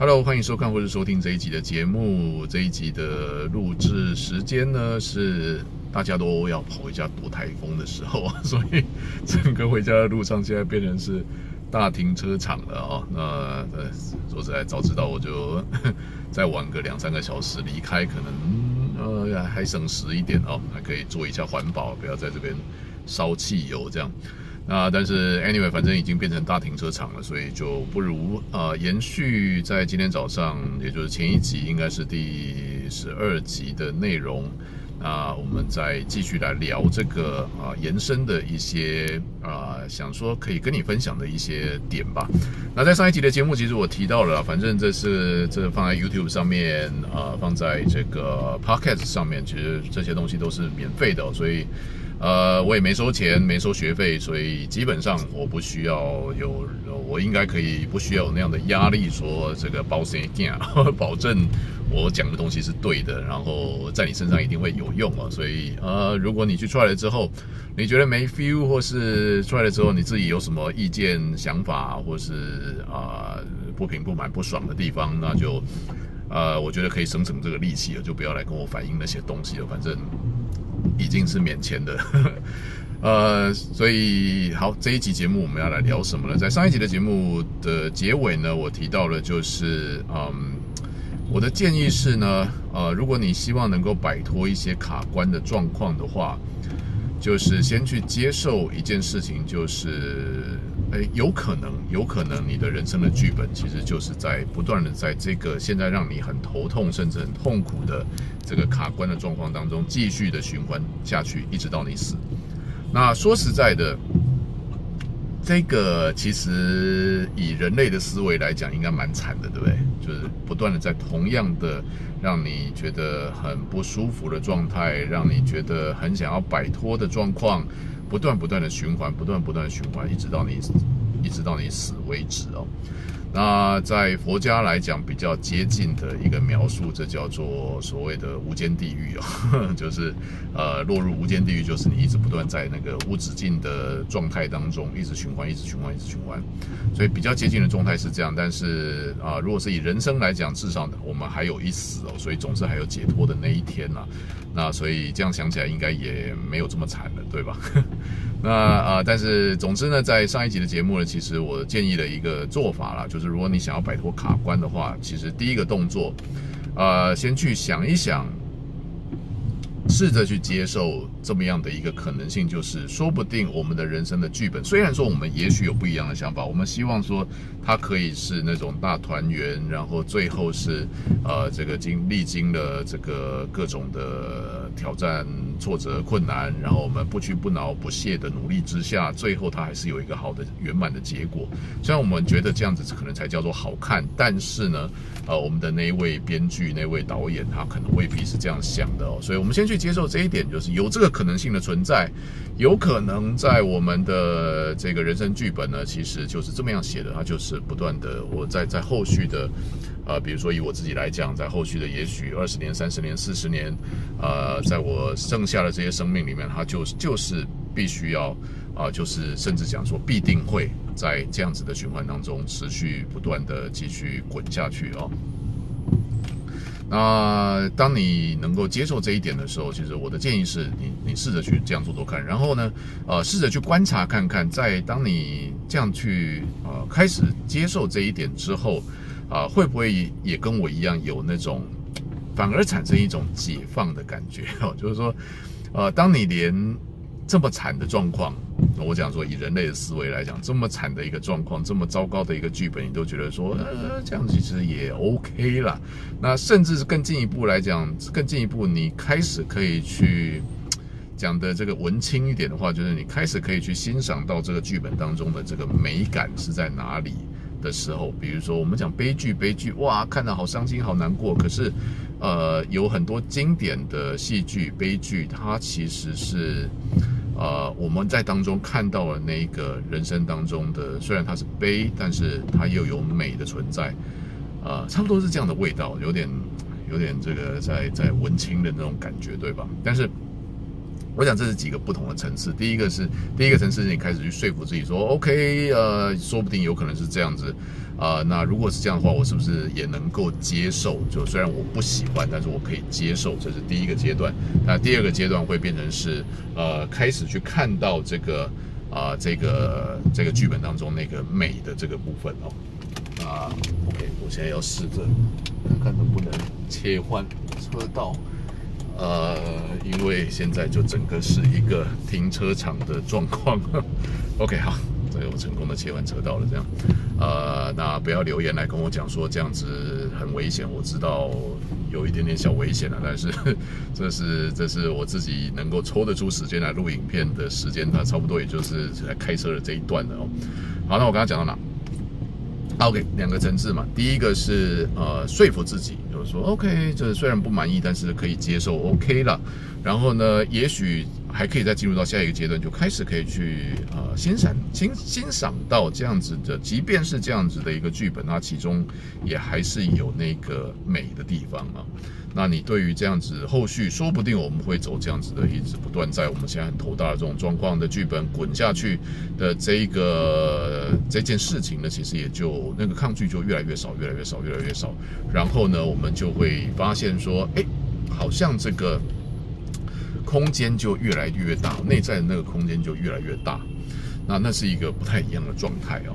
Hello，歡迎收看或者收聽這一集的節目。這一集的錄製時間呢，是大家都要跑回家躲颱風的時候，所以整個回家的路上現在變成是大停車場了啊、哦。那說實在，早知道我就再晚個兩三個小時離開，可能、嗯、呃還省時一點哦，還可以做一下環保，不要在這邊燒汽油這樣。啊、呃，但是 anyway，反正已經變成大停車場了，所以就不如啊、呃，延續在今天早上，也就是前一集，應該是第十二集的內容。啊、呃，我們再繼續來聊這個啊、呃，延伸的一些啊、呃，想說可以跟你分享的一些點吧。那在上一集的節目，其實我提到了，反正這是這是放在 YouTube 上面，呃，放在這個 Podcast 上面，其實這些東西都是免費的，所以。呃，我也沒收錢，沒收學費，所以基本上我不需要有，我應該可以不需要有那樣的壓力，說這個保證，保證我講的東西是對的，然後在你身上一定會有用，啊，所以呃，如果你去出來了之後，你覺得沒 feel，或是出來了之後你自己有什麼意見、想法，或是啊、呃、不平、不滿、不爽的地方，那就呃，我覺得可以省省這個力氣了，就不要來跟我反映那些東西了，反正。已經是免簽的， 呃，所以好，這一集節目我們要來聊什麼呢？在上一集的節目的結尾呢，我提到了，就是嗯，我的建議是呢，呃，如果你希望能夠擺脫一些卡關的狀況的話，就是先去接受一件事情，就是。誒，有可能，有可能你的人生的劇本其實就是在不斷的在這個現在讓你很頭痛甚至很痛苦的這個卡關的狀況當中繼續的循環下去，一直到你死。那說實在的。這個其實以人類的思維來講，應該蠻慘的，對不對？就是不斷的在同樣的讓你覺得很不舒服的狀態，讓你覺得很想要擺脫的狀況，不斷不斷的循環，不斷不斷的循環，一直到你，一直到你死為止哦。那在佛家來講比較接近的一個描述，這叫做所謂的無間地獄啊、哦，就是呃落入無間地獄，就是你一直不斷在那個無止境的狀態當中，一直循環，一直循環，一直循環。所以比較接近的狀態是這樣。但是啊，如果是以人生來講，至少我們還有一死哦，所以總是還有解脫的那一天吶、啊。那所以這樣想起來，應該也沒有這麼慘了，對吧？那啊、呃，但是總之呢，在上一集的節目呢，其實我建議了一個做法啦，就是如果你想要擺脫卡關的話，其實第一個動作，呃，先去想一想，試着去接受。這麼樣的一個可能性，就是說不定我們的人生的劇本，雖然說我們也許有不一樣的想法，我們希望說他可以是那種大團圓，然後最後是，呃，這個經歷經了這個各種的挑戰、挫折、困難，然後我們不屈不撓、不懈的努力之下，最後他還是有一個好的圓滿的結果。雖然我們覺得這樣子可能才叫做好看，但是呢，呃，我們的那一位編劇、那位導演他可能未必是這樣想的哦。所以我們先去接受這一點，就是有這個。可能性的存在，有可能在我們的這個人生劇本呢，其實就是這麼樣寫的。它就是不斷的，我在在後續的，啊、呃，比如說以我自己來講，在後續的也許二十年、三十年、四十年，啊、呃，在我剩下的這些生命裡面，它就是就是必須要啊、呃，就是甚至講說必定會在這樣子的循環當中持續不斷的繼續滾下去啊、哦。那、呃、當你能夠接受這一點的時候，其實我的建議是你，你試着去這樣做做看，然後呢，呃，試着去觀察看看，在當你這樣去呃開始接受這一點之後，啊、呃，會不會也跟我一樣有那種，反而產生一種解放的感覺？哦，就是說，呃，當你連。這麼慘的狀況，我講說以人類的思維來講，這麼慘的一個狀況，這麼糟糕的一個劇本，你都覺得說，呃，這樣其實也 OK 了。那甚至是更進一步來講，更進一步，你開始可以去講的這個文青一點的話，就是你開始可以去欣賞到這個劇本當中的這個美感是在哪裡的時候。比如說我們講悲劇，悲劇，哇，看得好傷心，好難過。可是，呃，有很多經典的戲劇悲劇，它其實是。呃，我們在當中看到了那一個人生當中的，雖然它是悲，但是它又有美的存在，呃，差不多是這樣的味道，有點，有點這個在在文青的那種感覺，對吧？但是。我想這是幾個不同的層次。第一個是，第一個層次你開始去說服自己說，OK，呃，說不定有可能是這樣子啊、呃。那如果是這樣的話，我是不是也能夠接受？就雖然我不喜歡，但是我可以接受，這是第一個階段。那第二個階段會變成是，呃，開始去看到這個啊、呃，這個這個劇本當中那個美的這個部分哦。啊、呃，OK，我現在要試着看看能不能切換車道。呃，因為現在就整個是一個停車場的狀況。 OK，好，這個我成功的切換車道了，這樣。呃，那不要留言來跟我講說這樣子很危險，我知道有一點點小危險了、啊，但是這是這是我自己能夠抽得出時間來錄影片的時間，那、啊、差不多也就是在開車的這一段了、哦。好，那我剛剛講到哪？OK，兩個層次嘛，第一個是呃說服自己。我說 OK，這雖然不滿意，但是可以接受 OK 了。然後呢，也許，還可以再進入到下一個階段，就開始可以去呃欣賞欣欣賞到這樣子的，即便是這樣子的一個劇本，那其中也還是有那個美的地方啊。那你對於這樣子後續，說不定我們會走這樣子的，一直不斷在我們現在很頭大的這種狀況的劇本滾下去的這個這件事情呢，其實也就那個抗拒就越來越少，越來越少，越來越少。然後呢，我們就會發現說，哎，好像這個。空間就越來越大，內在的那個空間就越來越大，那那是一個不太一樣的狀態哦。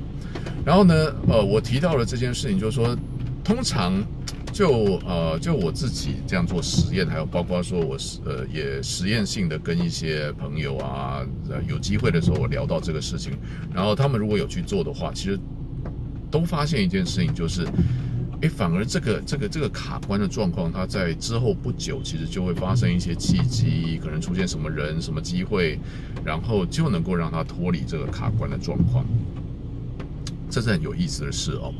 然後呢，呃，我提到了這件事情，就是說通常就呃就我自己這樣做實驗，還有包括說我是呃也實驗性的跟一些朋友啊，有機會的時候我聊到這個事情，然後他們如果有去做的話，其實都發現一件事情就是。誒，反而這個這個這個卡關的狀況，它在之後不久，其實就會發生一些契機，可能出現什麼人、什麼機會，然後就能夠讓他脫離這個卡關的狀況。這是很有意思的事哦。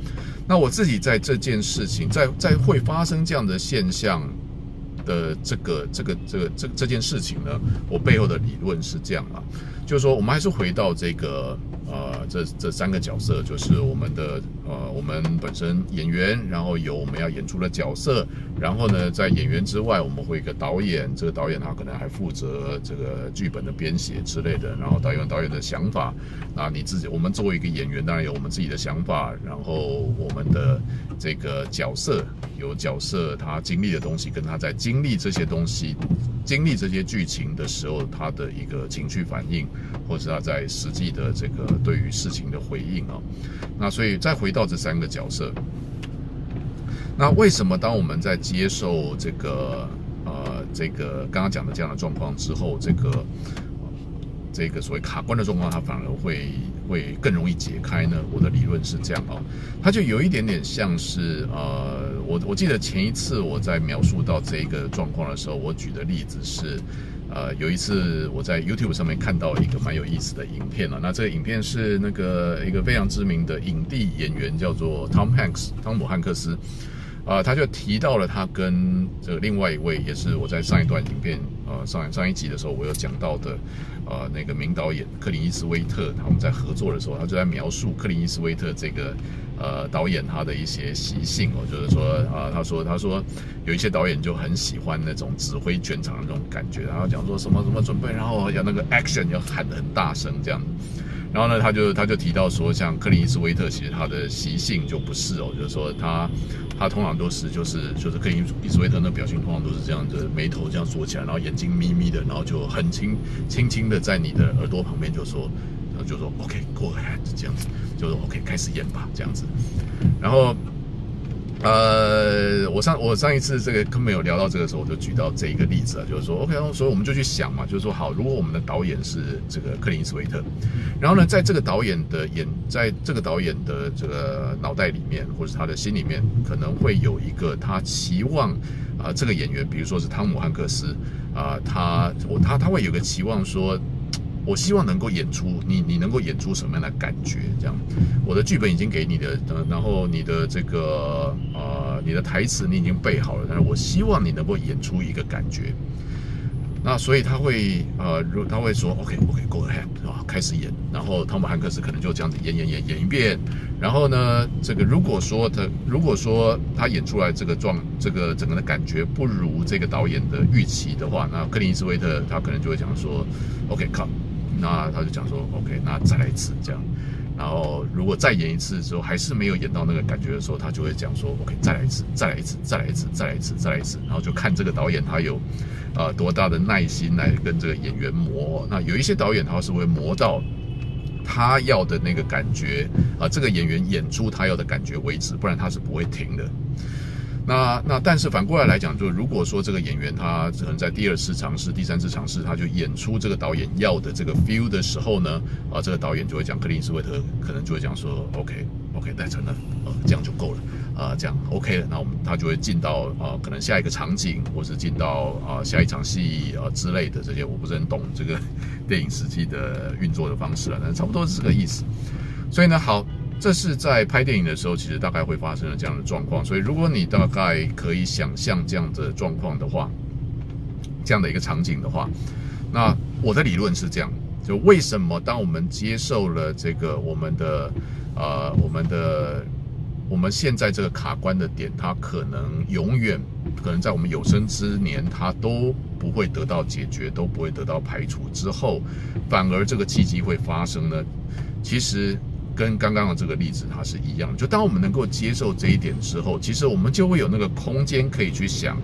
那我自己在這件事情，在在會發生這樣的現象的這個這個這個這這件事情呢，我背後的理論是這樣啊，就是說，我們還是回到這個。啊、呃，這這三個角色就是我們的呃，我們本身演員，然後有我們要演出的角色，然後呢，在演員之外，我們會一個導演，這個導演他可能還負責這個劇本的編寫之類的，然後導演導演的想法，那你自己，我們作為一個演員，當然有我們自己的想法，然後我們的這個角色有角色他經歷的東西，跟他在經歷這些東西、經歷這些劇情的時候他的一個情緒反應，或者是他在實際的這個。對於事情的回應啊，那所以再回到這三個角色，那為什麼當我們在接受這個呃這個剛剛講的這樣的狀況之後，這個這個所謂卡關的狀況，它反而會會更容易解開呢？我的理論是這樣啊，它就有一點點像是呃，我我記得前一次我在描述到這個狀況的時候，我舉的例子是。呃，有一次我在 YouTube 上面看到一個蠻有意思的影片了，啊，那這個影片是那個一個非常知名的影帝演員叫做 Tom Hanks，湯姆漢克斯，啊，呃，他就提到了他跟這個另外一位也是我在上一段影片呃，上上一集的時候我有講到的，呃，那個名導演克林伊斯威特他們在合作的時候，他就在描述克林伊斯威特這個。呃，導演他的一些習性，哦，就是說，啊、呃，他說，他說，有一些導演就很喜歡那種指揮全場的那種感覺，然後講說什麼什麼準備，然後要那個 action 要喊得很大聲這樣，然後呢，他就他就提到說，像克林伊斯威特，其實他的習性就不是哦，就是說他他通常都是就是就是克林伊斯威特那表情通常都是這樣的，就是、眉頭這樣鎖起來，然後眼睛眯眯的，然後就很輕輕輕的在你的耳朵旁邊就說。然後就說 OK go ahead 就這樣子，就說 OK 開始演吧，這樣子。然後，呃，我上我上一次這個跟沒有聊到這個時候，我就舉到這一個例子啊，就是說 OK，所以我們就去想嘛，就是說好，如果我們的導演是這個克林斯維特，然後呢，在這個導演的演，在這個導演的這個腦袋裡面，或者是他的心裡面，可能會有一個他期望啊、呃，這個演員，比如說是湯姆漢克斯啊、呃，他我他他會有個期望說。我希望能夠演出你，你能夠演出什麼樣的感覺？這樣，我的劇本已經給你的，呃、然後你的這個呃，你的台詞你已經背好了，但是我希望你能夠演出一個感覺。那所以他會呃，他會說 OK OK go ahead，啊，開始演。然後湯姆漢克斯可能就這樣子演演演演一遍。然後呢，這個如果說他如果說他演出來這個狀這個整個的感覺不如這個導演的預期的話，那克林斯威特他可能就會講說 OK cut 那他就講說，OK，那再來一次這樣，然後如果再演一次之後還是沒有演到那個感覺的時候，他就會講說，OK，再來一次，再來一次，再來一次，再來一次，再來一次，然後就看這個導演他有啊、呃、多大的耐心來跟這個演員磨。那有一些導演他是會磨到他要的那個感覺啊、呃，這個演員演出他要的感覺為止，不然他是不會停的。那那，那但是反過來來講，就如果說這個演員他可能在第二次嘗試、第三次嘗試，他就演出這個導演要的這個 feel 的時候呢，啊，這個導演就會講，克林斯威特可能就會講說，OK，OK，okay, okay, 那成了，呃，這樣就夠了，啊、呃，這樣 OK，那我們他就會進到啊、呃，可能下一個場景，或是進到啊、呃、下一場戲啊、呃、之類的這些，我不是很懂這個電影實際的運作的方式了，那差不多是這個意思。所以呢，好。這是在拍電影的時候，其實大概會發生的這樣的狀況。所以，如果你大概可以想象這樣的狀況的話，這樣的一個場景的話，那我的理論是這樣：就為什麼當我們接受了這個我們的呃，我們的我們現在這個卡關的點，它可能永遠，可能在我們有生之年它都不會得到解決，都不會得到排除之後，反而這個契機會發生呢？其實。跟剛剛的這個例子，它是一樣的。就當我們能夠接受這一點之後，其實我們就會有那個空間可以去想。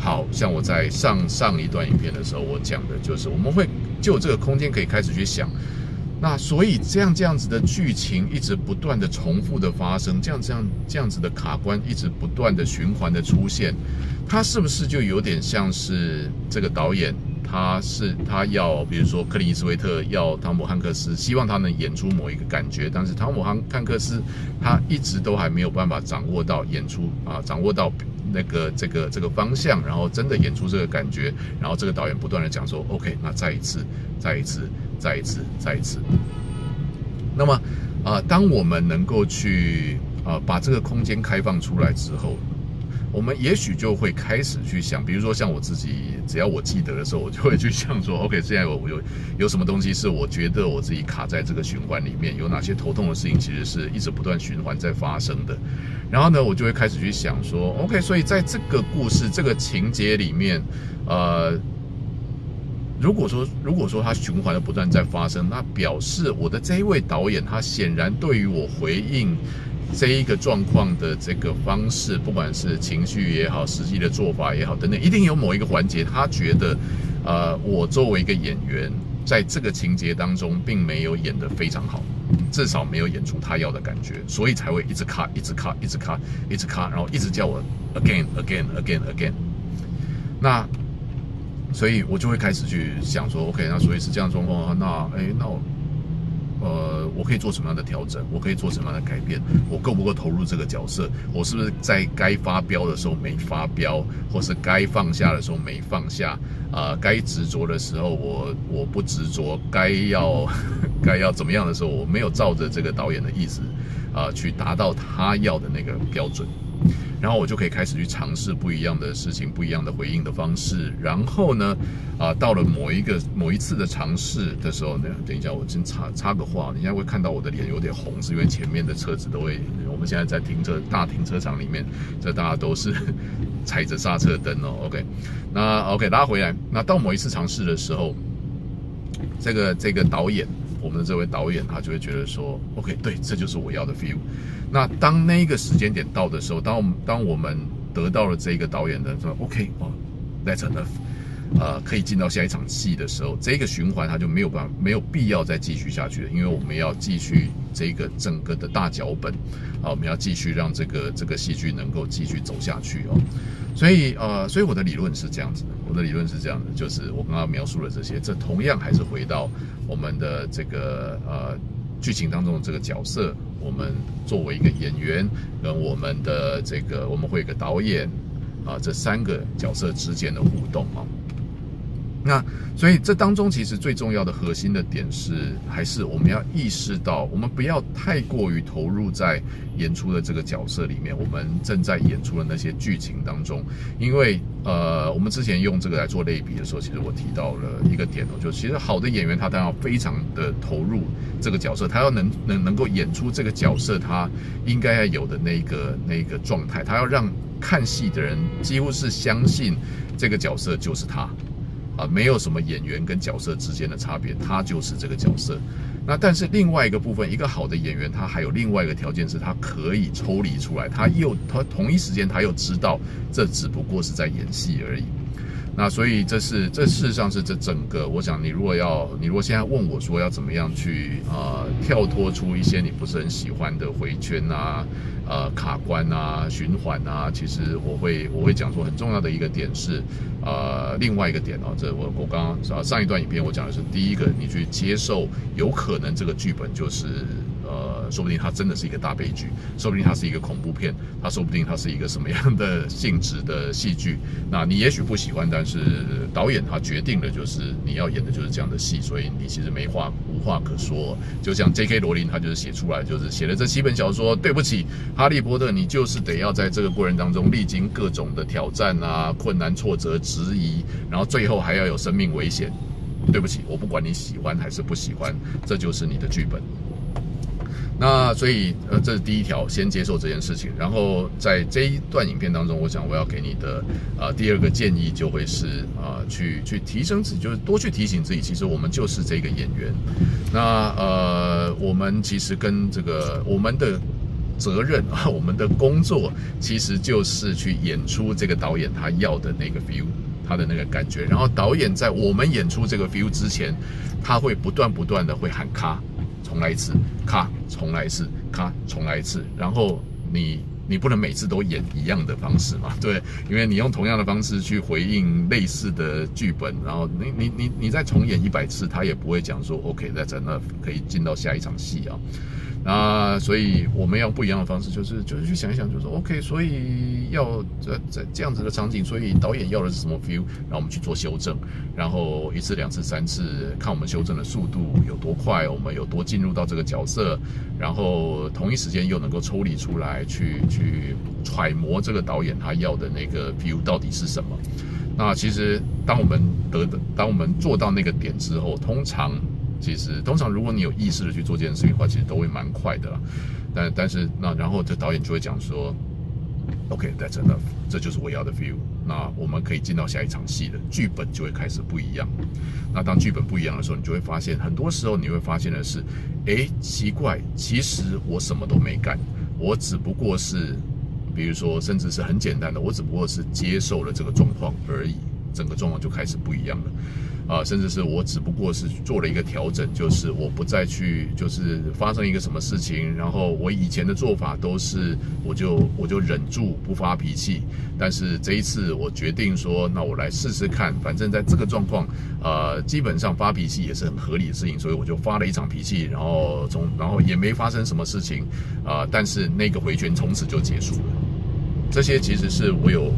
好像我在上上一段影片的時候，我講的就是，我們會就有這個空間可以開始去想。那所以這樣這樣子的劇情一直不斷的重複的發生，這樣這樣這樣子的卡關一直不斷的循環的出現，它是不是就有點像是這個導演？他是他要，比如說克林斯威特要湯姆·漢克斯，希望他能演出某一個感覺，但是湯姆·漢漢克斯他一直都還沒有辦法掌握到演出啊，掌握到那個這個這個方向，然後真的演出這個感覺，然後這個導演不斷地講說，OK，那再一次，再一次，再一次，再一次。那麼啊，當我們能夠去啊把這個空間開放出來之後。我們也許就會開始去想，比如說像我自己，只要我記得的時候，我就會去想說，OK，現在有有有什麼東西是我覺得我自己卡在這個循環裡面，有哪些頭痛的事情，其實是一直不斷循環在發生的。然後呢，我就會開始去想說，OK，所以在這個故事、這個情節裡面，呃，如果說如果說它循環的不斷在發生，那表示我的這一位導演他顯然對於我回應。這一個狀況的這個方式，不管是情緒也好，實際的做法也好，等等，一定有某一個環節，他覺得，呃，我作為一個演員，在這個情節當中，並沒有演得非常好，至少沒有演出他要的感覺，所以才會一直卡，一直卡，一直卡，一直卡，然後一直叫我 again again again again。那，所以我就會開始去想說，OK，那所以是這樣的狀況的話，那，哎，那我。呃，我可以做什麼樣的調整？我可以做什麼樣的改變？我夠不夠投入這個角色？我是不是在該發飆的時候沒發飆，或是該放下的時候沒放下？啊、呃，該執着的時候我我不執着，該要該要怎麼樣的時候我沒有照着這個導演的意思啊、呃，去達到他要的那個標準。然後我就可以開始去嘗試不一樣的事情，不一樣的回應的方式。然後呢，啊，到了某一個某一次的嘗試的時候呢，等一下我真插插個話，你現在會看到我的臉有點紅，是因為前面的車子都會，我們現在在停車大停車場裡面，這大家都是踩着剎車燈哦。OK，那 OK 拉回來，那到某一次嘗試的時候，這個這個導演。我們的這位導演，他就會覺得說，OK，對，這就是我要的 feel。那當那個時間點到的時候，當我們當我們得到了這個導演的說，OK，哦，that's enough，呃，可以進到下一場戲的時候，這個循環他就沒有辦法，沒有必要再繼續下去了，因為我們要繼續這個整個的大腳本，啊，我們要繼續讓這個這個戲劇能夠繼續走下去哦。所以，呃，所以我的理論是這樣子的。我的理論是這樣的，就是我剛剛描述了這些，這同樣還是回到我們的這個呃劇情當中的這個角色，我們作為一個演員，跟我們的這個我們會有一個導演啊、呃，這三個角色之間的互動啊。那所以這當中其實最重要的核心的點是，還是我們要意識到，我們不要太過於投入在演出的這個角色裡面，我們正在演出的那些劇情當中。因為呃，我們之前用這個來做類比的時候，其實我提到了一個點，哦，就其實好的演員他當然要非常的投入這個角色，他要能能能夠演出這個角色他應該要有的那個那個狀態，他要讓看戲的人幾乎是相信這個角色就是他。啊，沒有什麼演員跟角色之間的差別，他就是這個角色。那但是另外一個部分，一個好的演員，他還有另外一個條件是，他可以抽離出來，他又他同一時間他又知道，這只不過是在演戲而已。那所以這是這事實上是這整個，我想你如果要你如果現在問我說要怎麼樣去啊、呃、跳脫出一些你不是很喜歡的回圈啊，呃卡關啊循環啊，其實我會我會講說很重要的一個點是，呃另外一個點哦，這我我剛剛上一段影片我講的是第一個，你去接受有可能這個劇本就是。說不定他真的是一個大悲劇，說不定他是一個恐怖片，他說不定他是一個什麼樣的性質的戲劇。那你也許不喜歡，但是導演他決定了，就是你要演的就是這樣的戲，所以你其實沒話，無話可說。就像 J.K. 羅琳他就是寫出來，就是寫了這七本小說。對不起，哈利波特，你就是得要在這個過程當中歷經各種的挑戰啊、困難、挫折、質疑，然後最後還要有生命危險。對不起，我不管你喜歡還是不喜歡，這就是你的劇本。那所以呃，這是第一條，先接受這件事情。然後在這一段影片當中，我想我要給你的呃第二個建議就會是呃，去去提升自己，就是多去提醒自己，其實我們就是這個演員。那呃，我們其實跟這個我們的責任啊，我們的工作其實就是去演出這個導演他要的那個 feel，他的那個感覺。然後導演在我們演出這個 feel 之前，他會不斷不斷地會喊卡。重來一次，卡！重來一次，卡！重來一次，然後你你不能每次都演一樣的方式嘛？對，因為你用同樣的方式去回應類似的劇本，然後你你你你再重演一百次，他也不會講說 OK，那在那可以進到下一場戲啊。那所以我們用不一樣的方式，就是就是去想一想，就說 OK，所以要在這這樣子的場景，所以導演要的是什麼 feel，然後我們去做修正，然後一次、兩次、三次，看我們修正的速度有多快，我們有多進入到這個角色，然後同一時間又能夠抽離出來，去去揣摩這個導演他要的那個 feel 到底是什麼。那其實當我們得的當我們做到那個點之後，通常。其實，通常如果你有意識的去做這件事情的話，其實都會蠻快的啦。但但是，那，然後這導演就會講說，OK, that's enough，這就是我要的 feel。那我們可以進到下一場戲了，劇本就會開始不一樣了。那當劇本不一樣的時候，你就會發現，很多時候你會發現的是，誒，奇怪，其實我什麼都沒幹，我只不過是，比如說，甚至是很簡單的，我只不過是接受了這個狀況而已，整個狀況就開始不一樣了。啊、呃，甚至是我只不過是做了一個調整，就是我不再去，就是發生一個什麼事情，然後我以前的做法都是，我就我就忍住不發脾氣，但是這一次我決定說，那我來試試看，反正在這個狀況，呃，基本上發脾氣也是很合理的事情，所以我就發了一場脾氣，然後從然後也沒發生什麼事情，啊、呃，但是那個回旋從此就結束了，這些其實是我有。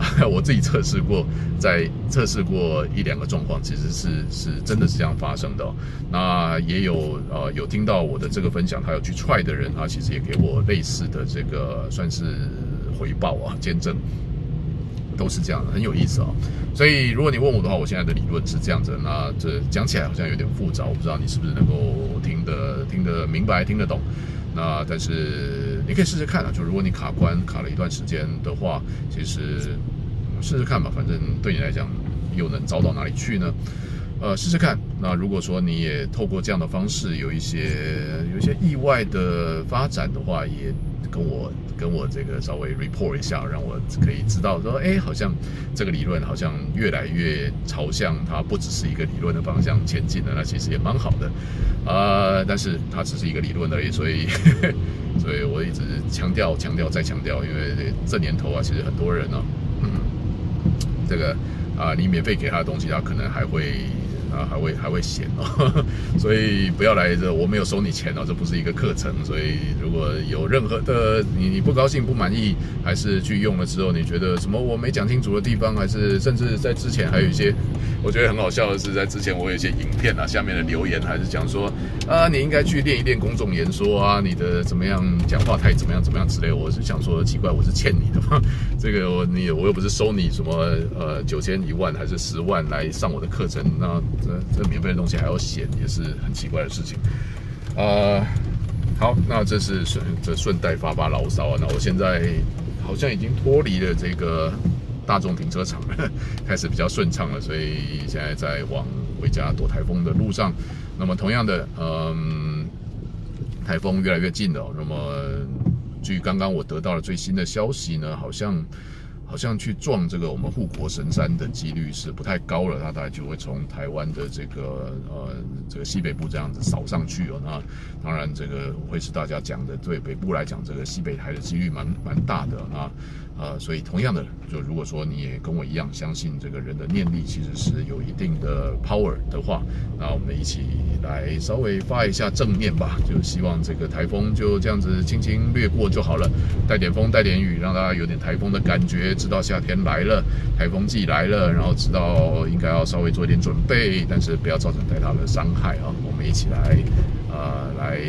我自己測試過，在測試過一兩個狀況，其實是是真的是這樣發生的，哦。那也有呃有聽到我的這個分享，他有去 try 的人，他、啊、其實也給我類似的這個算是回報啊見證，都是這樣，很有意思啊，哦。所以如果你問我的話，我現在的理論是這樣子。那這講起來好像有點複雜，我不知道你是不是能夠聽得聽得明白聽得懂。那但是。你可以試試看啊，就如果你卡關卡了一段時間的話，其實試試看吧，反正對你來講又能糟到哪裡去呢？呃，試試看。那如果說你也透過這樣的方式有一些有一些意外的發展的話，也跟我跟我這個稍微 report 一下，讓我可以知道說，哎，好像這個理論好像越來越朝向它不只是一個理論的方向前進的，那其實也蠻好的呃，但是它只是一個理論而已，所以。 對，我一直強調、強調再強調，因為這年頭啊，其實很多人啊，嗯，這個啊，你免費給他的東西，他可能還會。啊，還會還會嫌哦， 所以不要來這，我沒有收你錢哦，這不是一個課程，所以如果有任何的你你不高興、不滿意，還是去用了之後你覺得什麼我沒講清楚的地方，還是甚至在之前還有一些，我覺得很好笑的是在之前我有一些影片啊，下面的留言還是講說啊你應該去練一練公眾演說啊，你的怎麼樣講話太怎麼樣怎麼樣之類，我是想說奇怪，我是欠你的嗎？這個我你我又不是收你什麼呃九千一萬還是十萬來上我的課程那。啊這這免費的東西還要嫌，也是很奇怪的事情。呃，好，那這是這順帶發發牢騷啊。那我現在好像已經脫離了這個大眾停車場了，開始比較順暢了，所以現在在往回家躲台風的路上。那麼同樣的，嗯、呃，台風越來越近了。那麼據剛剛我得到的最新的消息呢，好像。好像去撞這個我們護國神山的幾率是不太高了，它大概就會從台灣的這個呃這個西北部這樣子掃上去哦。那當然這個會是大家講的，對北部來講，這個西北台的幾率蠻蠻大的啊、哦。啊、呃，所以同樣的，就如果說你也跟我一樣相信這個人的念力其實是有一定的 power 的話，那我們一起來稍微發一下正念吧。就希望這個台風就這樣子輕輕掠過就好了，帶點風帶點雨，讓大家有點台風的感覺，知道夏天來了，台風季來了，然後知道應該要稍微做一點準備，但是不要造成太大的傷害啊。我們一起來，呃，來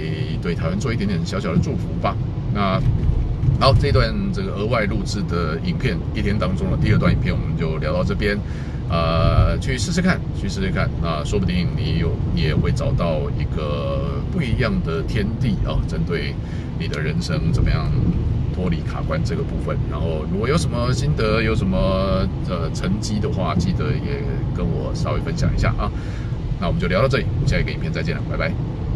對台灣做一點點小小的祝福吧。那。好，這段這個額外錄製的影片，一天當中的第二段影片我們就聊到這邊，呃，去試試看，去試試看，啊、呃，說不定你有，也會找到一個不一樣的天地啊、呃，針對你的人生怎麼樣脫離卡關這個部分。然後，如果有什麼心得，有什麼呃成績的話，記得也跟我稍微分享一下啊。那我們就聊到這裡，我下一個影片再見了，拜拜。